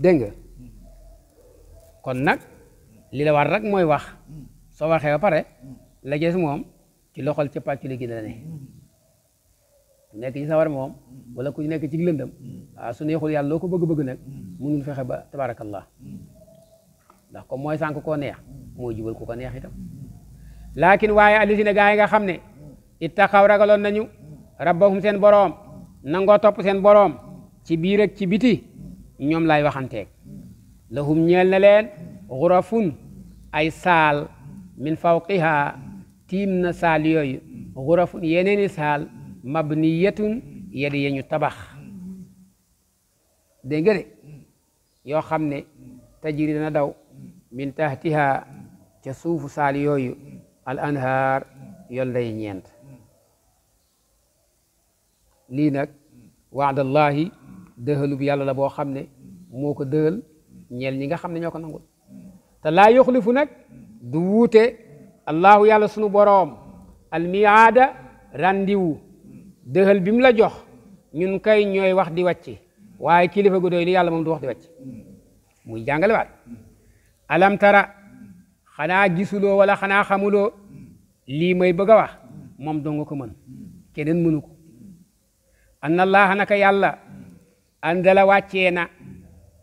dégg nga kon nag li la war rek mooy wax soo waxee ba pare la gis moom ci loxol ci pàcc li gi la ne ku nekk ci moom walla ku nekk ci lëndam waaw ah, su neexul yàlla loo ko bëgg-bëgg nag mënul fexe ba tabarakallah ndax comme mooy sànq koo neex moo jubal ku ko neex itam laakin waaye alisina gaa yi nga xam ne ittaqaw ragaloon nañu rabbahum seen boroom nango topp seen boroom ci biir ak ci biti ñoom lay waxanteeg lahum ñeel na leen xurafun ay saal min fawqiha tiim na saal yooyu xurafun yeneeni saal mabniyatun yedi ya ñu tabax dégg yoo xam ne tajiri na daw min tahtiha ca suufu saal yooyu al anhaar yoon lay ñeent lii nag waadallahi dëxalu bu yàlla la boo xam ne moo ko dëxal ñeel ñi nga xam ne ñoo ko nangul te laa yuxlifu nag du wuute allahu yàlla sunu boroom aada randiwu dëxal bi mu la jox ñun kay ñooy wax di wàcc waaye kilifa gu doy li yàlla moom du wax di wàcc muy jàngale waat alam tara xanaa gisuloo wala xanaa xamuloo lii may bëgg a wax moom dong ko mën keneen mënu ko anna allaha naka yàlla anzala wàccee na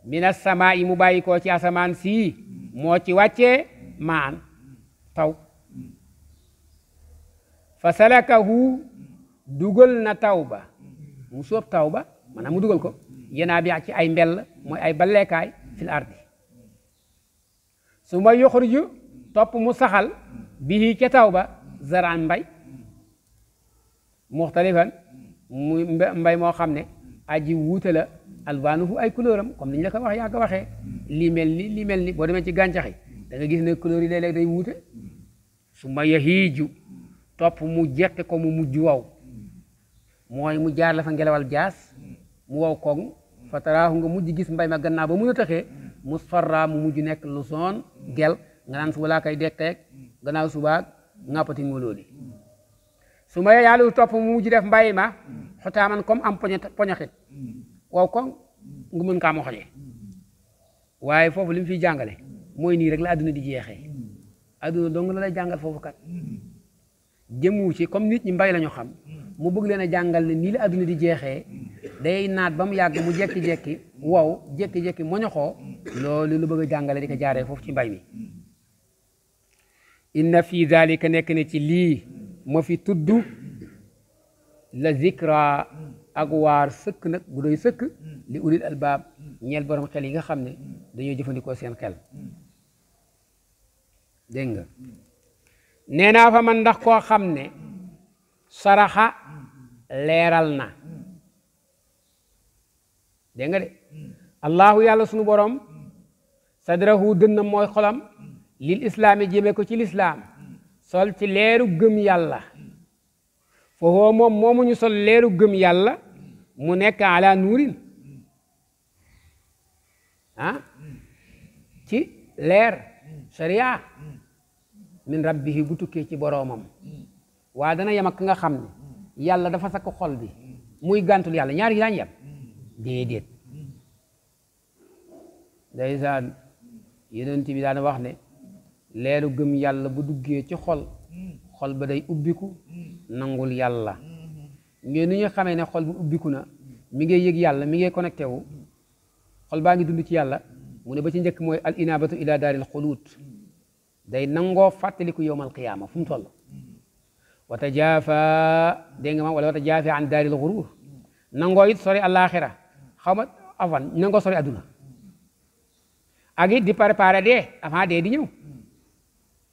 mina samaa yi mu bàyyi koo ci asamaan sii moo ci wàccee maan taw fa salakahu dugal na taw ba mu sóob taw ba maanaam mu dugal ko yenaa bi ci ay mbell mooy ay balleekaay fil ardi su ma yuxriju topp mu saxal bihi ca taw ba zaraan mbay muxtalifan mu mbay moo xam ne aji wuute la alwaanuhu ay couleuram am comme ni ñu la ko wax yaa ko waxee lii mel ni lii mel ni boo demee ci gàncax yi gis ne couleur yi léeg-léeg day wuute su ma yahiiju topp mu jekke ko mu mujj waw mooy mu jaar la fa ngelawal jaas mu wow koŋ fa taraahu nga mujj gis mbay ma gannaaw ba mun a mu musfarra mu mujj nekk lu soon gel nga naan su walaa koy dekkeeg gannaaw subaag ŋàppati ngolóoli su ma yaalu topp mu mujj def mbay ma aman comme am poñet poñaxit waaw kon nga mën kaa ma xoñee waaye foofu li mu fiy jàngale mooy nii rek la adduna di jeexee adduna dong la lay jàngal foofu kat jëmu ci comme nit ñi mbay la xam mu bëgg leen a jàngal nii la adduna di jeexee day naat ba mu yàgg mu jekki-jekki wow jekki-jekki moñoxoo loolu lu bëgg a jàngale di ko jaaree foofu ci mbay mi inna fi dalika nekk ne ci lii ma fi tudd la zikra ak waar sëkk nag bu sëkk li ulil albaab ñeel borom xel yi nga xam ne dañuy jëfandikoo seen kel dégg nga nee naa fa man ndax koo xam ne saraxa leeral na dégg nga de allahu yàlla sunu borom sadrahu dënna mooy xolam lil islaami jëme ko ci lislaam sol ci leeru gëm yàlla foofu moom moomu ñu sol leeru gëm yàlla mu nekk ala nuurin ah ci leer sharia min rabbihi bu tukkee ci boroomam waa dana yem ak nga xam ne yàlla dafa sakk xol bi muy gàntul yàlla ñaar yi daañ yem déedéet ndeysaan yonent bi daan wax ne leeru gëm yàlla bu duggee ci xol mm. xol ba day ubbiku mm. nangul yàlla ngeen ni ñu xamee ne xol bu ubbiku na mi ngay yëg yàlla mi ngay connecté wu mm. xol baa ngi dund ci yàlla mu ne ba ci njëkk mooy al inabatu ila daaril xulut day nangoo fàttaliku yowmal qiyaama fu mu toll wa jaafa dégg ma wala wa tajaafa an daaril xuruur nangoo it sori àllaaxira xaw ma avan nangoo sori àdduna ak it di préparé dee avant dee di ñëw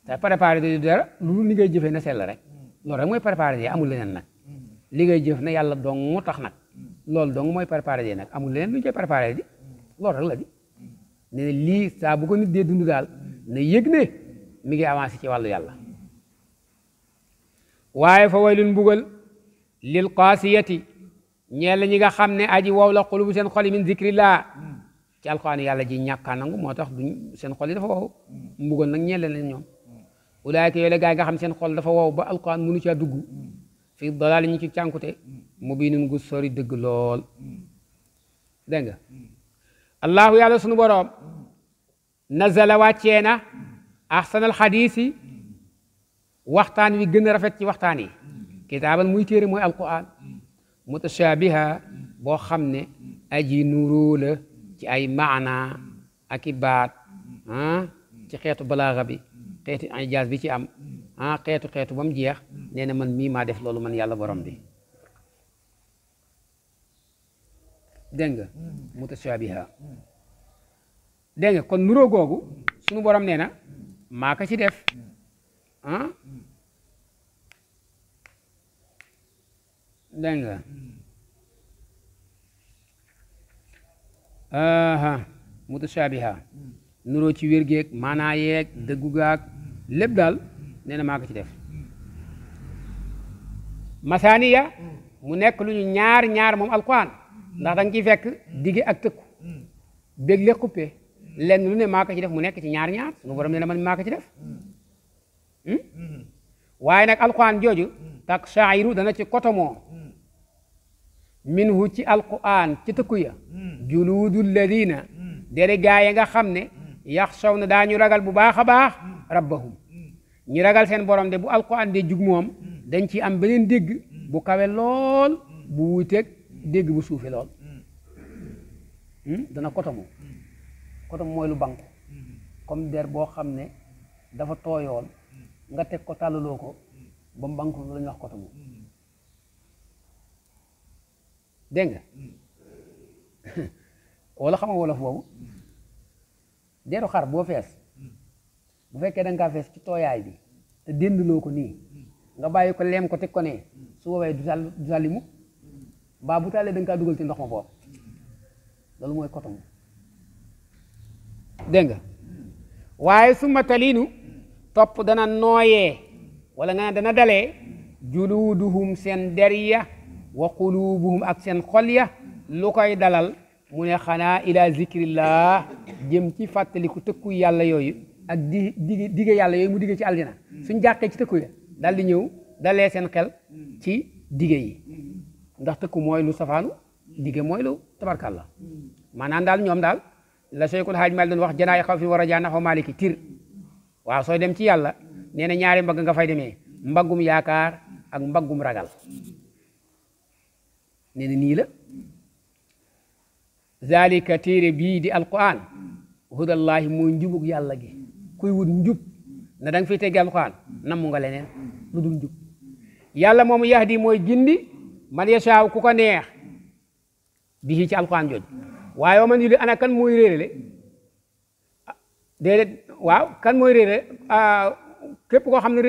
te préparé di dara lu li ngay jëfee na sell rek hmm. loolu rek mooy préparé di amul leneen nag hmm. li ngay jëf na yàlla dong tax nag hmm. loolu dong mooy préparé di nag amul leneen lu ñu koy préparé di loolu la di ne lii saa bu ko nit dee dund daal na yëg ne mi ngi avancé ci wàllu yàlla waaye fa waylun mbugal lil qaasiyati ñeel ñi nga xam ne aji wow la xulubu seen xol yi min zikrillah ci alquran yàlla ji ñàkkaa nangu moo tax duñ seen xol yi dafa wow mbugal nag ñeel leen ñoom ulaayka yooyu la nga xam seen xol dafa wow ba alquran mënu caa dugg fii dalaal ñi ci cànkute mu bii nun gu sori dëgg lool dégg nga allaahu yàlla sunu na nazala wàccee na ahsanal xadiis waxtaan wi gën a rafet ci waxtaan yi kitaaban mu téere mooy alquran mutashaabiha xam ne aji nuroo la ci ay maana ak baat ah, ci xeetu balaaxa bi xeeti ijaas bi ci am ah xeetu xeetu ba mu jeex nee man mii maa def loolu man yàlla borom bi dégg nga mutashabiha dégg nga kon nuroo googu sunu borom nee na maa ko ci def ah dégg nga aha nuroo ci wér geeg maanaa yeeg lépp daal nee na maa ko ci def masaaniya mu nekk lu ñu ñaar ñaar moom alquran ndax da nga ciy fekk digge ak tëkku bég le coupé lenn lu ne maa ci def mu nekk ci ñaar ñaar suñu borom nee na man maa ko ci def hmm? waaye nag alquran jooju tak shaayiru dana ci kotomoo minhu ci alquran ci tëkku ya juluudul ladina hmm. dere gaa yi nga xam ne hmm. yaxshaw na daañu ragal bu baax a baax rabbahum ñu ragal seen borom de bu alquran de jug moom dañ ciy am beneen dégg bu kawe lool bu wuuteeg dégg bu suufe lool hmm? dana kotomo kotomo mooy lu banku comme der boo xam ne dafa tooyoon nga teg ko tàllaloo ko ba mu banku wax kotomo dégg nga wala xam nga wolof deru xar boo fees bu fekkee da nga fees ci tooyaay bi te déndloo ko nii nga bàyyi ko leem ko teg ko ne su woowee du sal du sali mukk mbaa bu tàllee da nga kaa dugal ci ndox ma boobu loolu mooy coton dégg nga waaye su ma taliinu topp dana nooyee walla nga dana dalee juluuduhum seen derya ya wa quluubuhum ak seen xol ya lu koy dalal mu ne xanaa ila zikrillah jëm ci fàttaliku tëkku yàlla yooyu ak di di dige yàlla yooyu mu dige ci aljana suñ jàqee ci tëkku ya daal di ñëw dalee seen xel ci dige yi ndax tëkku lu safaanu dige mooy lu tabarkàlla maanaam daal ñoom daal la Seexul Xaaj doon wax janaay xaw fi war a jaanaxoo maaliki tir waaw sooy dem ci yàlla nee na ñaari mbagg nga fay demee mbaggum yaakaar ak mbaggum ragal nee na nii la zalika bii di alquran hudallahi mooy njubug yàlla gi kuy wut njub ne da nga fiy teggi alxuraan namu nga leneen lu dul njub yàlla moomu yahdi mooy gindi man yasaaw ku ko neex bi ci alxuraan jooju waaye wa man yuli ana kan mooy réerale déedéet waaw kan mooy réerale ah, képp koo xam ne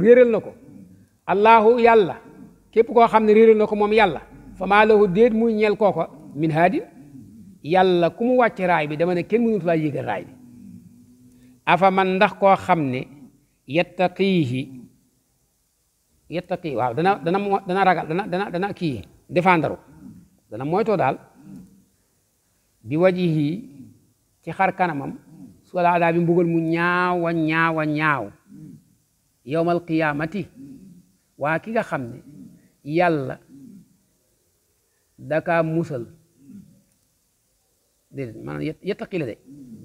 réeral na ko allahu yàlla képp koo xam ne réeral na ko moom yàlla fa maa lahu déet muy ñeel kooko min haadin yàlla ku mu wàcc raay bi dama ne kenn mënut laa yéegal raay bi afa man ndax koo xam ne yattaqiihi yattaqii waaw dana dana dana ragal dana dana dana kii défendre dana moytoo daal bi wajihi ci xar kanamam sola la adaa mu ñaaw a ñaaw a ñaaw waa ki nga xam ne yàlla daka musal déedéet maanaam yettaqi la de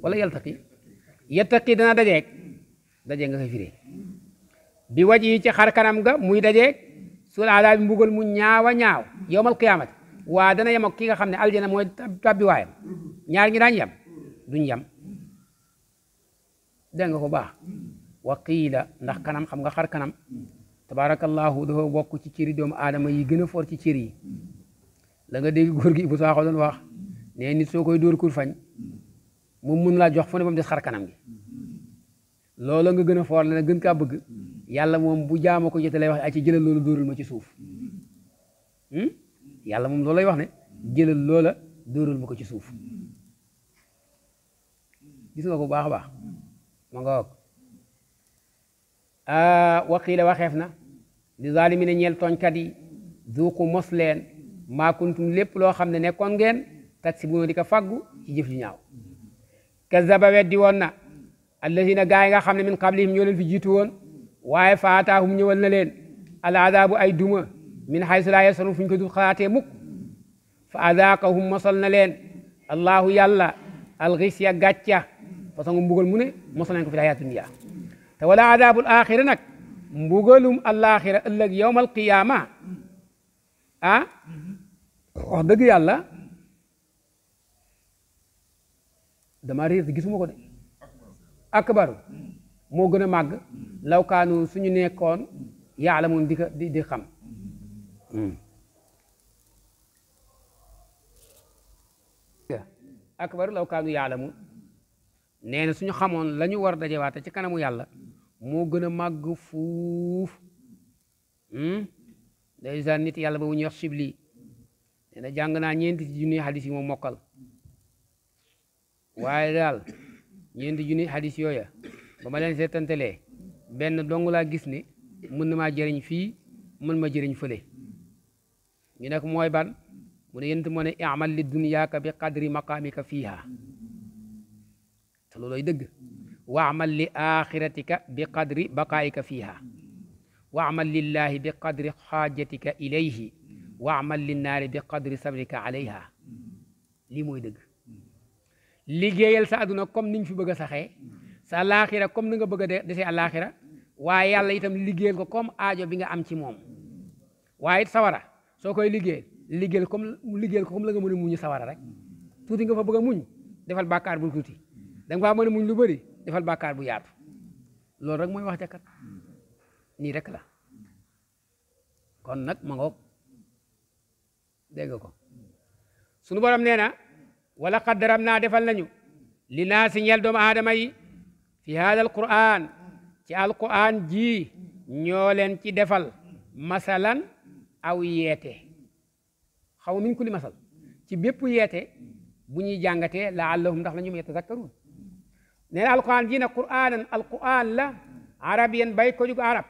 wala yaltaqi yettaqi dana dajeeg dajeeg nga koy bi waj yi ci xar kanam nga muy dajeeg sol adaa bi mbugal mu ñaawa ñaaw yowmal qiyaamati waa dana yem ak ki nga xam ne aljana mooy tabbi waayam ñaar ñi daañ yem duñ yem dégg nga ko baax wa qiila ndax kanam xam nga xar kanam tabaarakallaahu dafa bokk ci cëri doomu aadama yi gën a for ci cëri yi la nga dégg góor gi bu saaxo doon wa ne nit soo koy dóor kur fañ moom mën laa jox fu ne ba des xar kanam gi loolu nga gën a foor la gën kaa bëgg yàlla moom bu jaama ko jotee lay wax a ci jëlal loolu dóoral ma ci suuf hmm? yàlla moom lay wax ne jëlal loola dóoral ma ko ci suuf gis nga ko bu baax a baax ma nga wax ah, waqiila waxeef na di li zaalimi ne ñeel tooñkat yi duuqu mos leen maa kuntum lépp loo xam ne nekkoon ngeen taksi bu di ko fàggu ci jëf ju ñaaw kazzaba weddi woon na allazina gaa yi nga xam ne min qablihim ñoo leen fi jiitu woon waaye faataahum ñëwal na leen aladabu ay duma min haysu laa yasurun fu ñu ko dul xalaatee mukk fa azaaqahum mosal na leen allahu yàlla alxisya gàcca façon mbugal mu ne mosal nañ ko fi hayaat dunya te wala adabul axira nag mbugalum alaxira ëllëg yowmal qiyaama ah wax dëgg yàlla damaa réer gisuma ko de akbaru moo gën a màgg lawkaanu suñu nekkoon yaalamoon di ka di di xam hmm. akbaru lawkaanu yaalamoon nee na suñu xamoon la ñu war dajewaate ci kanamu yàlla moo gën a màgg fuuf hmm. ndeysaan nit yàlla ba wu ñuy wax sibli nee na jàng naa ñeenti ci junni xadis yi moom mokkal waaye daal ñeenti junni xadis yooya ba ma leen seetantalee benn dong laa gis ni mën na maa jëriñ fii mën ma jëriñ fële ñu nekk mooy ban mu ne yent moo ne amal li dunyaaka bi qadri maqaamika fiiha te looloy dëgg wa amal li axiratika bi qadri baqaayika fiiha wa amal lillahi bi qadri xaajatika ilayhi wa amal linnaari bi qadri sabrika alayha mooy dëgg liggéeyal sa àdduna comme niñ fi bëgg a saxee sa laaxira comme ni nga bëgg a desee àlaaxira waaye yàlla itam liggéeyal ko comme aajo bi nga am ci moom waaye it sawara soo koy liggéeyal liggéeyal comme liggéeyal ko comme la nga mën a muñu sawara rek tuuti nga fa bëgg a muñ defal bàkkaar bu tuuti da nga faa mën a muñ lu bëri defal bàkkaar bu yaatu loolu rek mooy wax jakkat nii rek la kon nag ma ngoog dégg ko sunu borom nee na wala qad naa defal nañu li naa si ñel doomu aadama yi fi hada alquran ci alquran ji ñoo leen ci defal masalan aw yeete xaw min kulli masal ci bépp yeete bu ñuy jàngatee laallahum ndax la ñum yatazakkaruun nee na alquran ji na quranan alquran la arabiyan bay jug arab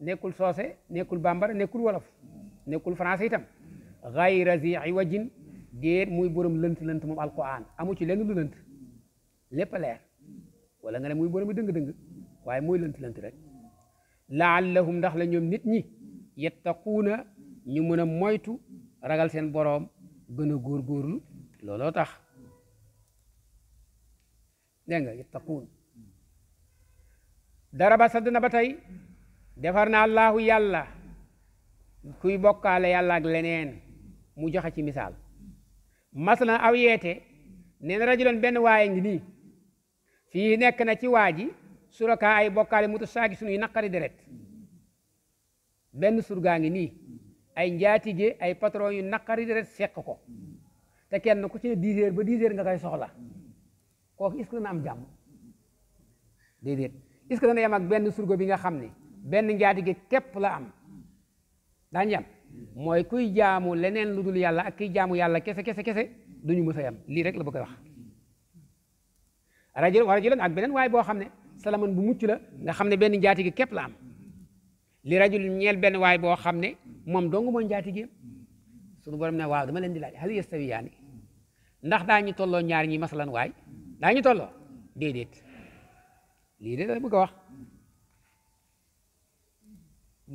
nekkul soose nekkul bambara nekkul wolof nekkul français itam gayra zi iwajin déet muy borom lënt lënt moom alquran amu ci lenn lu lënt lépp leer wala nga ne muy borom dëng-dëng waaye mooy lënt lënt rek laallahum ndax la ñoom nit ñi yettaquuna ñu mën a moytu ragal seen boroom gën a góorgóorlu looloo tax dégg nga yettaquun dara ba sadd na ba tey defar na allahu yàlla kuy bokkaale yàlla ak leneen mu joxe ci misaal masalan aw yeete nee rajuloon benn waaye ngi nii fii nekk na ci waa ji suraka ay bokkaale mutu saaki yi naqari deret benn surgaa ngi nii ay njaatige ay patron yu naqari deret seq ko te kenn ku ci ne dix heures ba dix heures nga koy soxla kooku est-ce que am jàmm déedéet est-ce que ak benn surgo bi nga xam ni benn njaati njaatige képp la am daañu yem mooy kuy jaamu leneen lu dul yàlla ak kuy jaamu yàlla kese kese kese du ñu mës a yam lii rek la bëgg a wax. rajo rajo lan ak beneen waay boo xam ne salaman bu mucc la nga xam ne benn njaatige képp la am li rajo lu ñeel benn waay boo xam ne moom dong mooy njaatige sunu borom ne waaw dama leen di laaj hal yastawiyaani ndax daañu tolloo ñaar ñi masalan waay daañu tolloo déedéet lii de la bëgg wax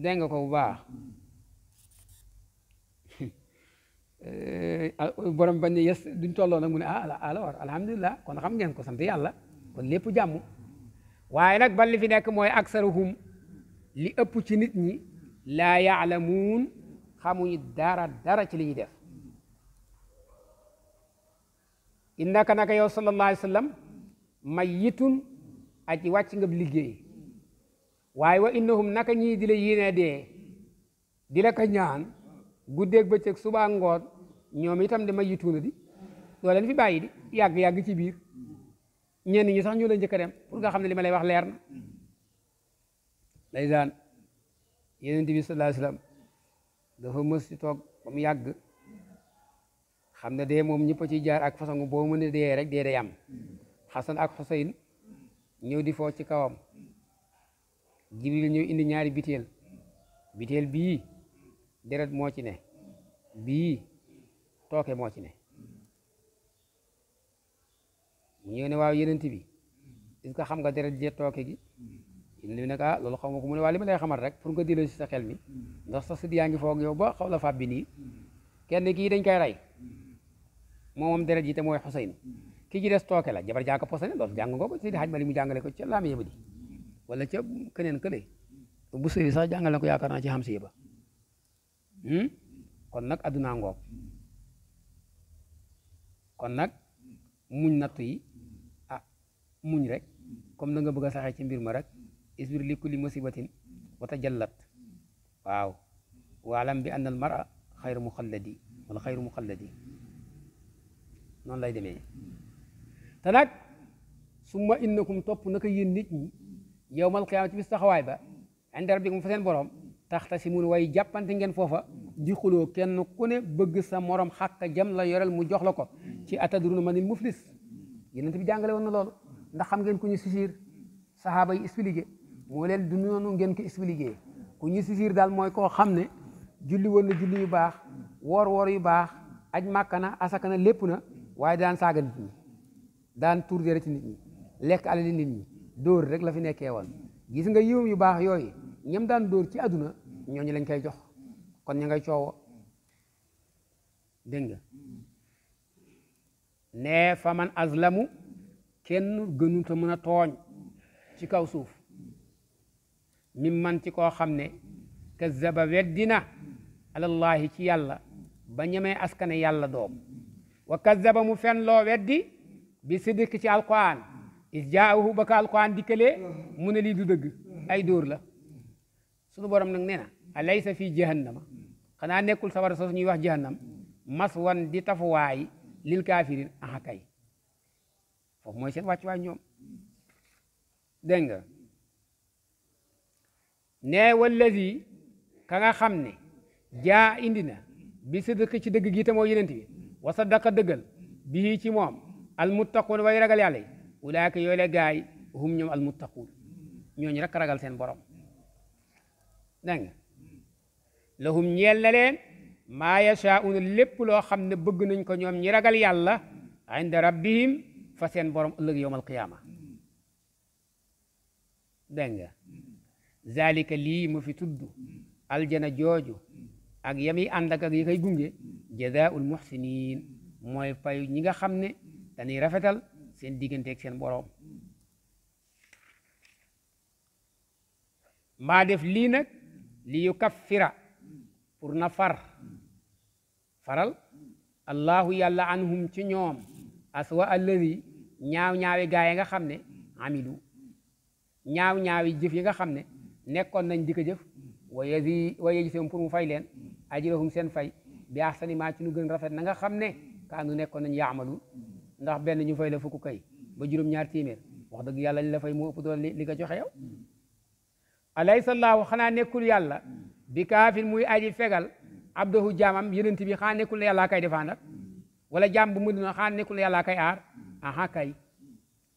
dégg nga ko bu baax. Eh, ah, borom ba yes duñ tolloo nag mu ne ah alors kon xam ngeen ko sant yàlla kon lépp jàmm waaye nag ban li fi nekk mooy aksaruhum li ëpp ci nit ñi laa yaalamuun xamuñu dara dara ci li ñuy def innaka naka yow sallallahu alayhi wa sallam aji wàcc ngab liggéey waaye wa innahum naka ñii di la yéene dee di la ko ñaan guddeeg bëccëg subaa ngoon ñoom itam di ma yituuna di doo leen fi bàyyi di yàgg-yàgg ci biir ñenn ñi sax ñu la njëkk dem pour nga xam ne li ma lay wax leer na ndeysaan Yonent bi sallallahu alayhi wasallam dafa mës ci toog ba mu yàgg xam ne dee moom ñëpp ciy jaar ak façon boo mën a dee rek dee day am Xasan ak Xuseyn ñëw di foo ci kawam Jibril ñëw indi ñaari biteel biteel bii deret moo ci ne bii tooke moo ci ne mu ñëw ne waaw yenent bi est-ce que xam nga deret jee tooke gi yenent bi ah, loolu xam nga ko mu ne waa li ma lay xamal rek pour nga delloo si sa xel mi ndax sa sët yaa ngi foog yow ba xaw la fab bi nii kenn kii dañ koy rey moom moom deret ji te mooy Xuseyn ci des tooke la jaa ko posane loolu jàng ko Seydi Hadj Malick mu jàngale ko ca laam yëba di wala ca keneen kële bu sëy sax jàngale ko yaakaar naa ci xam si yëba hmm? kon nag addunaa ngoog kon nag muñ nattu yi ah muñ rek comme na nga bëgg a saxee ci mbir ma rek isbir li kulli musibatin wa tajallat waaw waalam bi anna al mara xayru muxalladi wala xayru muxalladi noonu lay demee te nag summa innakum topp nag yéen nit ñi yowmal qiyaama ci bis taxawaay ba inda rabbikum fa seen borom taxta si taxtasimuun way jàppante ngeen foofa di xuloo kenn ku ne bëgg sa morom xàq jam la yoreel mu jox la ko ci atadruna manil muflis yonent bi jàngale woon na loolu ndax xam ngeen ku ñu sisir saxaaba yi expliqué moo leen du noonu ngeen ko expliqué ku ñu sisir daal mooy koo xam ne julli woon na julli yu baax woor woor yu baax aj màkka na asaka lépp na waaye daan saaga nit ñi daan tuur dere ci nit ñi lekk alali nit ñi dóor rek la fi nekkee woon gis nga yiwam yu baax yooyu ñam daan dóor ci àdduna ñooñu lañ koy jox kon ñu ngay coowo dégg ne fa man azlamu kenn gënuta mën a tooñ ci kaw suuf mim man ci koo xam ne kazaba weddina alallaahi ci yàlla ba ñemee askane yàlla doom wa kazaba mu fen loo weddi bi siddiq ci alquran is jaahu ba ko alquran dikkalee mu ne lii du dëgg ay dóor la suñu borom nag nee na alaysa fii jahannama xanaa nekkul sawara soo ñuy wax jahannam mas wan di tafuwaay lil kaafirin ah kay foofu mooy seen wàccuwaay ñoom dégg nga ne wallazi ka nga xam ne ja indi na bi sidq ci dëgg gi te moo yenent bi wa saddaqa dëggal bii ci moom almuttaquun way ragal yàlla yi ulaaka yooyu la gaay hum ñoom almuttaquun ñooñu rek ragal seen borom dégg nga lahum ñeel na leen maa yashaa'una lépp loo xam ne bëgg nañ ko ñoom ñi ragal yàlla inda rabbihim fa seen borom ëllëg yowmal qiyaama dégg nga zalika lii mu fi tudd aljana jooju ak yami ànd ak yi koy gunge jazaa'ul muhsinin mooy fay ñi nga xam ne dañuy rafetal seen digganteeg seen borom maa def lii nag li yukaffira pour na far faral allahu yàlla anhum ci ñoom aswa alladi ñaaw ñaawi gaa ya nga xam ne amilu ñaaw ñaawi jëf yi nga xam ne nekkoon nañ di ko jëf wa yazi wa yajisihum pour mu fay leen ajrahum seen fay bi ahsani maa ci nu gën rafet na nga xam ne kaanu nekkoon nañ yaamalu ndax benn ñu fay la fukk kay ba juróom-ñaar téeméer wax dëgg yàlla li la fay moo ëpp doole li ko joxe yow alaysa allahu xanaa nekkul yàlla bi kaafin muy aji fegal abdahu jaamam yonent bi xaa nekkul ne yàllaa kay défendre wala jaam bu mu dina xaa nekkul ne yàllaa kay aar aha kay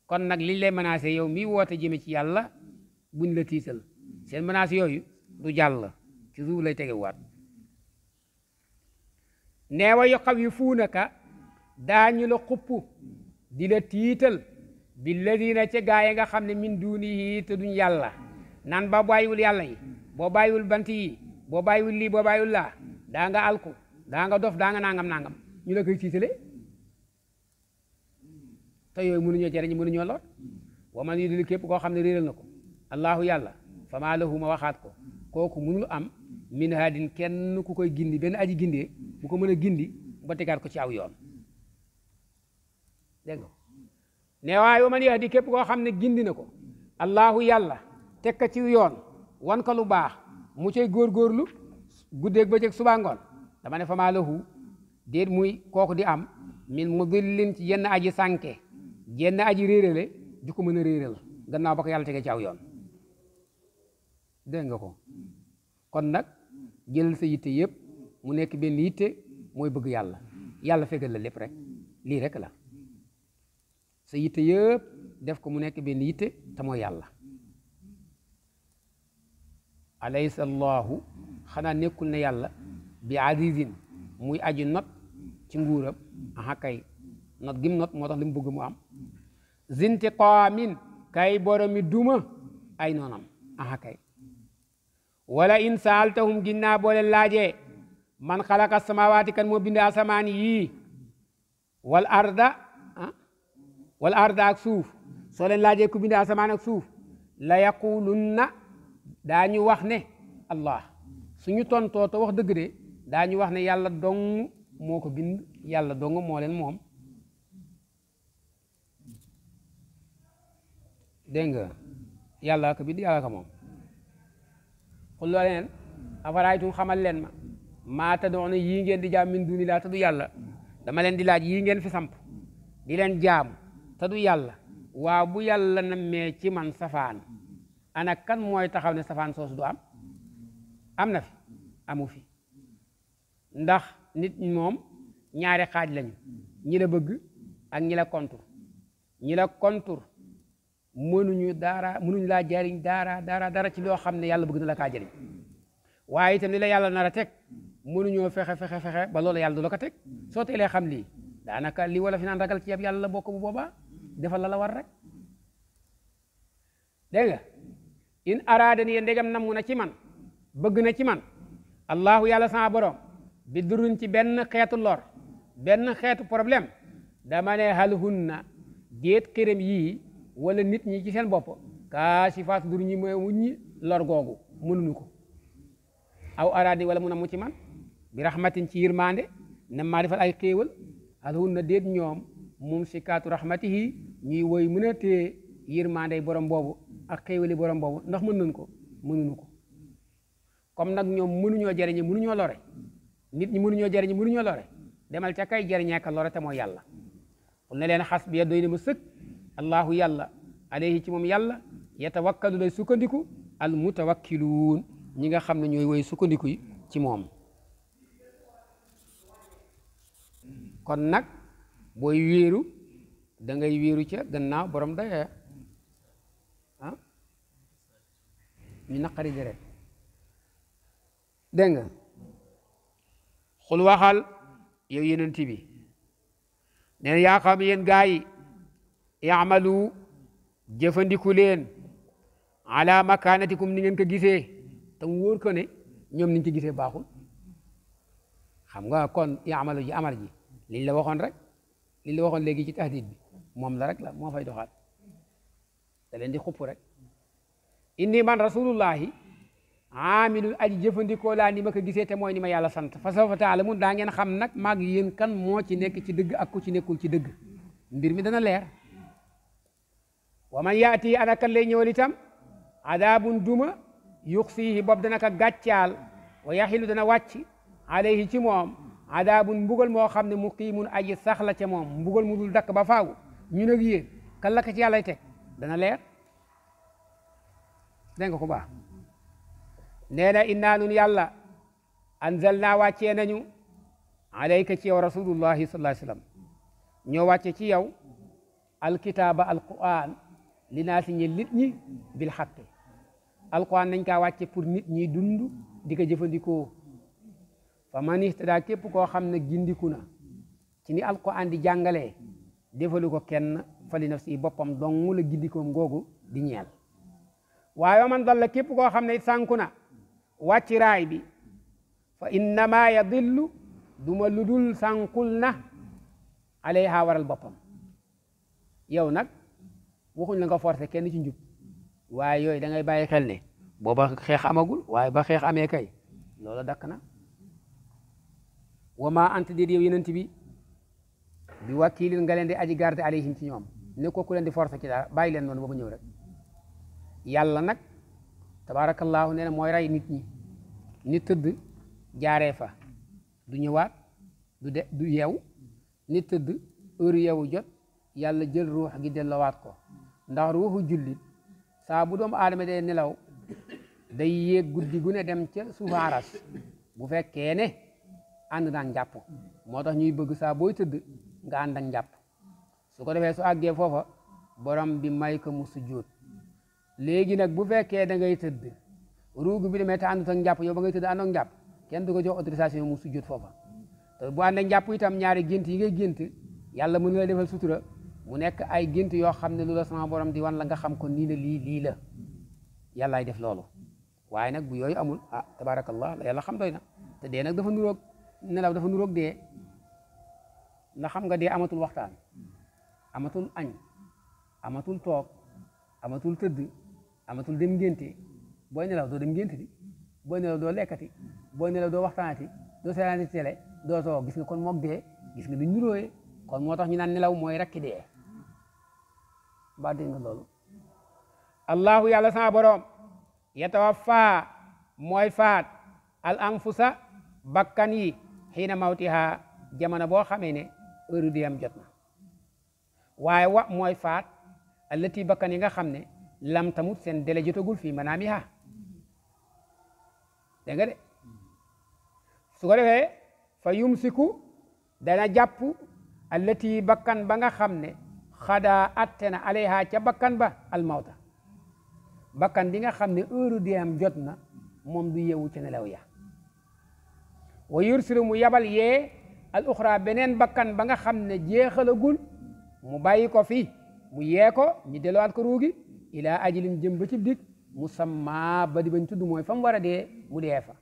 kon nag liñ lay menacé yow mi woote jëme ci yàlla buñ la tiital seen menace yooyu du jàll ci suuf lay tegewaat neewa yu xaw yi fuunaka daañu la xupp di la tiital bi ladina ca gaa yi nga xam ne min duunihi te duñ yàlla naan ba bàyyiwul yàlla yi boo bàyyiwul bant yi boo bàyyiwul lii boo bàyyiwul laa daa nga alku daa nga dof daa nangam nangam ñu la koy tiitale te yooyu mënuñoo jëriñ mënuñoo lor wa man yudil képp koo xam ne réeral na ko allahu yàlla famaa lahu ma waxaat ko kooku mënul am min haadin kenn ku koy gindi benn aji gindee bu ko mën a gindi ba tegaat ko ci aw yoon dégg nga ne waaye wa man képp koo xam ne gindi na ko allahu yàlla teg ko ci yoon wan ko lu baax mu cay góorgóorlu guddeeg bëccëg subaa ngoon dama ne fa maa lahu déet muy kooku di am min mudillin ci yenn aji sànke yenn aji réerale ju ko mën a réeral la ba ko yàlla tege ci aw yoon dégg nga ko kon nag jëlal sa yitte yëpp mu nekk benn yitte mooy bëgg yàlla yàlla fegal la lépp rek lii rek la sa yitte yëpp def ko mu nekk benn yitte te mooy yàlla alaysa allahu xanaa nekkul na yàlla bi azizin muy aji not ci nguuram aha kay not gim not moo tax mu bëgg mu am zintiqaamin kay boromi duma ay noonam aha kay wala in saaltahum ginnaa boole laajee man xalaqa samawaati kan moo bind asamaan yii wal arda wal arda ak suuf soo leen laajee ku bind asamaan ak suuf la yaqulunna daañu wax ne allah suñu tontoo te wax dëgg de daañu wax ne yàlla dong moo ko bind yàlla dong moo moom dégg nga yàlla ko bind yàlla ko moom xul loo leen afaraaytum xamal leen ma maata doon yii ngeen di jaam min duni laa du yàlla dama leen di laaj yii ngeen fi samp di leen jaam te du yàlla waa bu yàlla na mee ci man safaan ana kan mooy taxaw ne safaan soos du am am na fi amu fi ndax nit moom ñaari xaaj lañu ñi la bëgg ak ñi la kontur ñi la kontur mënuñu daara mënuñu laa jariñ daara daara dara ci loo xam ne yàlla bëgg na la kaa jariñ waaye tam li la yàlla nar a teg mënuñoo fexe fexe fexe ba loolu yàlla du la ko teg soo teelee xam lii daanaka li wala fi naan ragal ci yàlla la bokk bu booba defal la la war rek dégg in araada ni ndegam namu na ci man bëgg na ci man allahu yàlla sama borom bi duruñ ci benn xeetu lor benn xeetu problème dama ne hal hunna déet këram yii wala nit ñi ci seen bopp kaa si faas dur ñi mooy wuññi lor googu mënuñu ko aw araadi wala mun a mu ci man bi rahmatin ci yirmaande na maa defal ay xéewal hal hunna déet ñoom mum sikaatu rahmatihi ñuy woy mën tee yërmaandey borom boobu ak xéewali borom boobu ndax mën nañ ko mënuñu ko comme nag ñoom mënuñoo jariñe mënuñoo lore nit ñi mënuñoo jariñe mënuñoo lore demal ca kay jariñe ak lore te mooy yàlla xul ne leen xas bi ya doy na ma sëkk allaahu yàlla alayhi ci moom yàlla yatawakkalu day sukkandiku al mutawakkiluun ñi nga xam ne ñooy woy sukkandiku yi ci moom kon nag booy wéeru da ngay wéeru ca gannaaw borom daya ñu naqari deret dégg nga xul waxal yow yenent bi neen yaa xam yéen gaa yi yaamalu jëfandiku leen ala makaanatikum ni ngeen ko gisee tam wóor ko ne ñoom niñ ko gisee baaxul xam nga kon yaamalu ji amar ji liñ la waxoon rek liñ la waxoon léegi ci tahdid bi moom la rek la moo fay doxaat da leen di xupp rek inni man rasulullahi amilul aji jëfandikoo laa ni ma ko gisee te mooy ni ma yàlla sant fa sawfa mun daa ngeen xam nag maag yéen kan moo ci nekk ci dëgg ak ku ci nekkul ci dëgg mbir mi dana leer wa man yaati ana kan lay ñëwal itam adaabun duma yuxsiihi boobu dana ko gàccaal wa yaxilu dana wàcc alayhi ci moom adaabun mbugal moo xam ne muqiimun aji saxla ca moom mbugal mu dul dakk ba faw ñu nag yéen kan la ko ci yàllay dana leer dégg nga ko baax nee na innaa nun yàlla anzalnaa wàccee nañu alayka ci yow rasulullahi sallallahu ñoo wàcce ci yow alkitaaba alquran li naa si nit ñi bil xaqi alquran nañ kaa wàcce pour nit ñi dund di ko jëfandikoo fa man ihtada képp koo xam ne gindiku na cini ni alquran di jàngalee defalu ko kenn fa si boppam dong la gindikoom googu di ñeel waaye man dalla képp koo xam ne sànku na wàcc raay bi fa innama yadillu duma lu dul sànkul na alayha waral boppam yow nag waxuñ la nga forcé kenn ci njub waaye yooyu da ngay bàyyi xel ne booba xeex amagul waaye ba xeex amee kay loola dakk na wa anti anta déet yow yenent bi bi wakiilin nga leen di aji garde alayhim ci ñoom ne ko ku leen di forcé ci dara bàyyi leen noonu ba mu ñëw rek yàlla nag tabaarakallaahu nee na mooy rey nit ñi ni tëdd jaaree fa du ñëwaat du de du ni tëdd heure yeewu jot yàlla jël ruux gi delloowaat ko ndax ruuxu jullit saa bu doomu aadama dee nelaw day yéeg guddi gune ne dem ca suufu aras bu fekkee ne ànd naa njàpp moo tax ñuy bëgg saa booy tëdd nga ànd ak njàpp su ko defee su àggee foofa borom bi may ko mu sujjóot léegi nag bu fekkee da ngay tëdd ruug bi demee te àndut ak njàpp yow ba ngay tëdd ànd ak njàpp kenn du ko jox autorisation mu sujjóot foofa te bu ànd ak njàpp itam ñaari gént yi ngay gént yàlla mën la defal sutura mu nekk ay gént yoo xam ne lu la sama borom di wan la nga xam ko nii la lii lii la yàllaay def loolu waaye nag bu yooyu amul ah tabaarakallah la yàlla xam doy na te dee nag dafa nuroog nelaw dafa nuroog dee ndax xam nga dee amatul waxtaan amatul añ amatul toog amatul tëdd amatul dem ngénte booy nelaw doo dem ngénte di booy nelaw doo lekkati booy nelaw doo waxtaanati doo seetaanati télé doo toog gis nga kon moog dee gis nga du nurooye kon moo tax ñu naan nelaw mooy rakki dee ba dégg loolu allahu yàlla sama boroom yatawaffa mooy faat al anfusa bakkan yi xiina mawtiha jamono boo xamee ne heure jot wa mooy faat allati bakkan yi nga xam ne lam tamut seen délai jotagul fii manaamiha dégg nga de su ko fa yumsiku dana jàpp allati bakkan ba nga xam ne xadaa atte na alayha ca bakkan ba almawta bakkan bi nga xam ne heure di am jot na moom du yeewu ca nelaw ya wa yursilu mu yabal yee al uxra beneen bakkan ba nga xam ne jeexalagul mu bàyyi fi mu yee ko ñu delluwaat ko ruugi ilaa ajalin jëmba ba cib dig musamma ba di bañ tudd mooy fa mu war a dee mu dee fa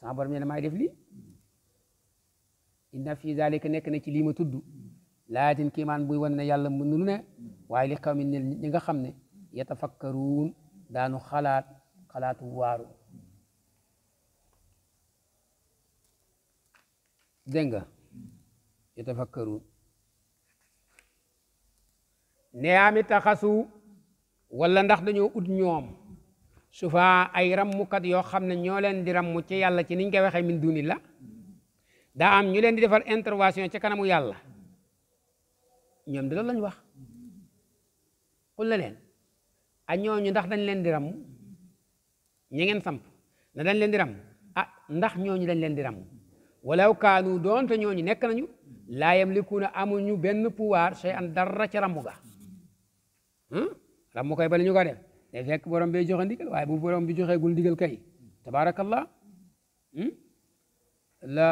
sama borom ne na maay def lii inna fi zalika nekk na ci lii ma tudd laatin kiimaan buy wan ne yàlla mën na lu ne waaye li xaw ne ñi nga xam ne yatafakkaruun daanu xalaat xalaatu waaru dégg nga yatafakkaruun neyaami taxasu wala ndax dañoo ut ñoom sufa ay rammukat yoo xam ne ñoo leen di rammu ci yàlla ci niñ koy waxee min duni la daa am ñu leen di defal intervention ci kanamu yàlla ñoom de loolu lañ wax xul la leen a ah, ñooñu ndax dañ leen di ram ñi ngeen samp ne dañ leen di ram ah ndax ñooñu dañ leen di ram walaw kaanu doonte ñooñu nekk nañu laa yamlikuuna amuñu benn pouvoir shay an dara ca ramu ga Hmm? ram mu koy bali ñu ko def day fekk borom bee joxe ndigal waaye bu borom bi joxee gul ndigal kay tabaarakallah hmm? la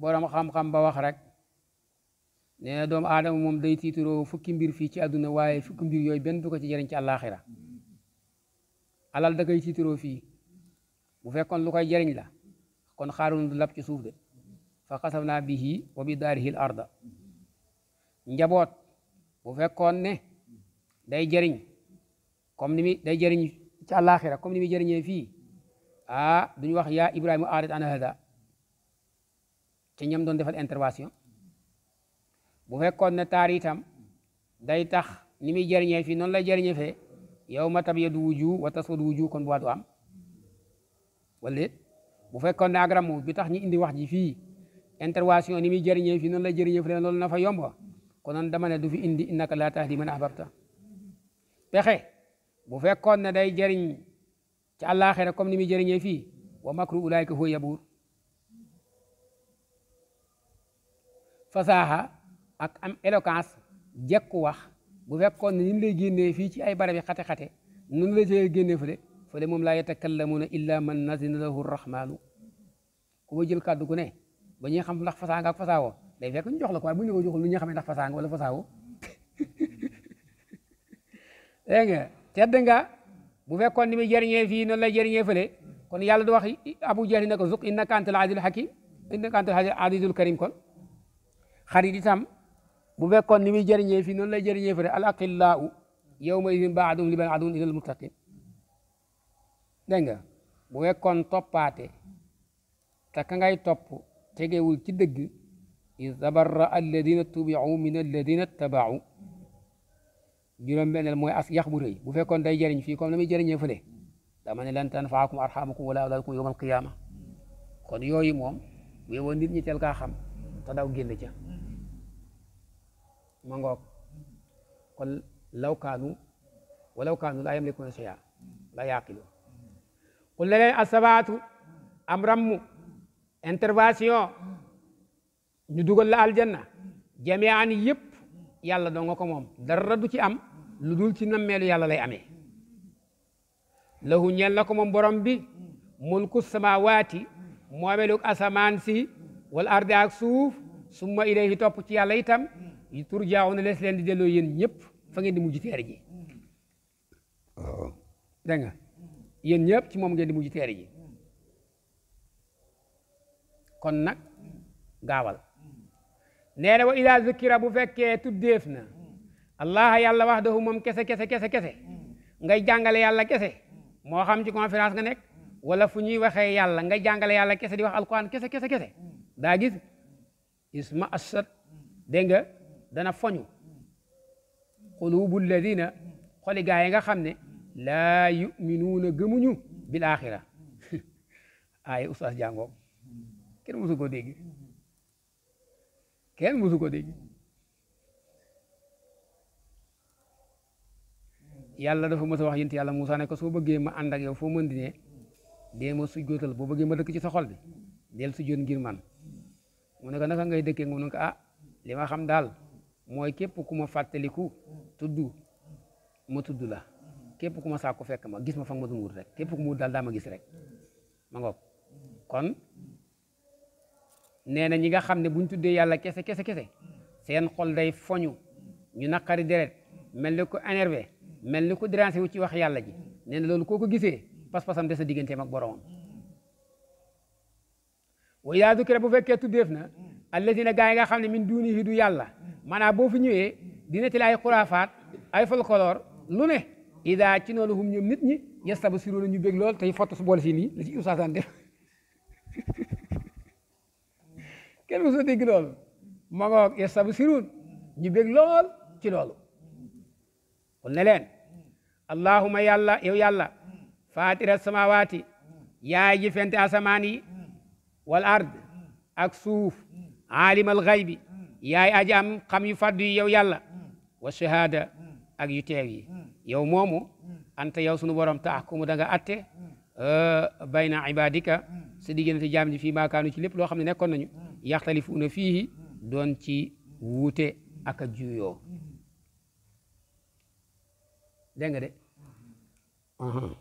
borom xam-xam ba wax rek ne na doomu aadama moom day tiituroo fukki mbir fii ci àdduna waaye fukki mbir yooyu benn du ci jëriñ ci àllaaxira alal daga koy fii bu fekkoon lu koy jëriñ la kon xaarul lab ci suuf de fa xasaf naa bihi wa bi daarihi arda njaboot bu fekkoon ne day jëriñ comme ni mi day jëriñ ci comme ni mi jëriñee fii ah duñu wax yaa Ibrahima aarit an hada ci ñam doon defal intervention bu fekkoon ne taaritam day tax ni muy jëriñee fii noonu lay jëriñee fee yow ma tabyadu wujuh wa taswadu wujuh kon bu waatu am wala bu fekkoon ne agramu bi tax ñu indi wax ji fii intervention ni muy jëriñee fii noonu lay jëriñee fii loolu na fa yomb ko noonu dama ne du fi indi innaka laa tahdi man ahbabta pexe bu fekkoon ne day jëriñ ci àllaaxira comme ni muy jëriñee fii wa makru ulaayka huwa yabuur fasaaxa ak am éloquence jekku wax bu fekkoon ne ni lay génnee fii ci ay barabi xate-xate nunu la cee génnee fële fële moom la yatakallamuuna illa man nazina lahu rahmaanu ku ma jël kàddu gu ne ba ñuy xam ndax fasaa nga ak fasaawoo day fekk ñu jox la ko waaye bu ñu la ko joxul nu ñuy xamee ndax fasaa nga wala fasaawoo dégg te tedd nga bu fekkoon ni muy jëriñee fii noonu lay jëriñee fële kon yàlla du wax abu jahli ko zuq innaka antal azizul hakim innaka antal azizul karim kon xarit itam bu fekkoon ni muy jëriñee fii noonu lay jëriñee fële al aqillaau yawma idin baaduhum li baadin aduwwun illal muttaqin dégg nga bu fekkoon toppaate te ka ngay topp tegewul ci dëgg iz tabarra alladina tubiu min alladina tabaau juróom-benneel mooy as yax bu rëy bu fekkoon day jëriñ fii ko ni muy ne lan tanfaakum arxaamukum wala awlaadukum yawmal qiyaama kon yooyu moom bu yowoo nit ñi teel kaa xam te daw génn kon law kaanu walaw kaanu laa yamlikuuna shay'an laa yaaqiluun qul la leen asabaatu am rammu intervention ñu dugal yëpp yàlla doo ko moom dara du ci am lu dul ci nammeelu yàlla lay ame lahu ñeel na ko moom borom bi mulku samawaati moomeelu asamaan si wal ardi ak suuf summa ilayhi topp ci yàlla itam turjaauna lees leen di delloo yéen ñëpp fa ngeen di mujj teere ji dégg ñëpp ci moom ngeen di mujj teere ji kon nag gaawal nee wa ila zikira bu fekkee tuddeef na allah yàlla wahdahu moom kese kese kese kese mm. ngay jàngale yàlla kese moo xam ci conférence nga nekk mm. wala fu ñuy waxee yàlla ngay jàngale yàlla kese di wax alquran kese kese kese mm. daa gis isma asat nga dana foñu qulubu alladina xoli gaa yi nga xam ne laa yuminuuna gëmuñu bil axira ay ustaas jàngoo kenn musu ko dégg kenn musu ko yàlla dafa ma sa wax yént yàlla Moussa ne ko soo bëggee ma ànd ak yow foo mën di ne dee ma sujjootal boo bëggee ma dëkk ci sa xol bi del sujjoot ngir man mu ne ko naka ngay dëkkee mu ah li ma xam daal mooy képp ku ma fàttaliku tudd ma tudd la képp ku ma sàkku fekk ma gis ma fa ma doon rek képp ku ma wut daal daa ma gis rek ma ngoog kon nee na ñi nga xam ne buñ tuddee yàlla kese kese kese seen xol day foñu ñu naqari deret mel ni ko énervé mel ni ku dérangé wu ci wax yàlla ji nee na loolu koo ko gisee pas-pasam des a digganteem ak boromam wa yaa dukira bu fekkee tuddeef na allazina gaa yi nga xam ne min duunihi du yàlla maanaam boo fu ñëwee dina til ay xuraafaat ay folklore lu ne ida ci noonu hum ñoom nit ñi yastaba siroona ñu bég lool tey fottu su boole si nii la ci ustaasaan def kenn mosoo dégg ñu bég lool ci lool kon ne leen allahuma yàlla yow yàlla fatira samawaati yaay ji fente asamaan yi wal ard ak suuf aalimal xaybi yaay aji am xam yu faddu yi yow yàlla wa shahaada ak yu teew yi yow moomu anta yow sunu borom taxkumu da nga atte euh, bayna ibadika sa diggante jaam ji fii maakaanu ci lépp loo xam ne nekkoon nañu yaxtalifuuna fiihi doon ci wuute ak a juyoo dégg nga de.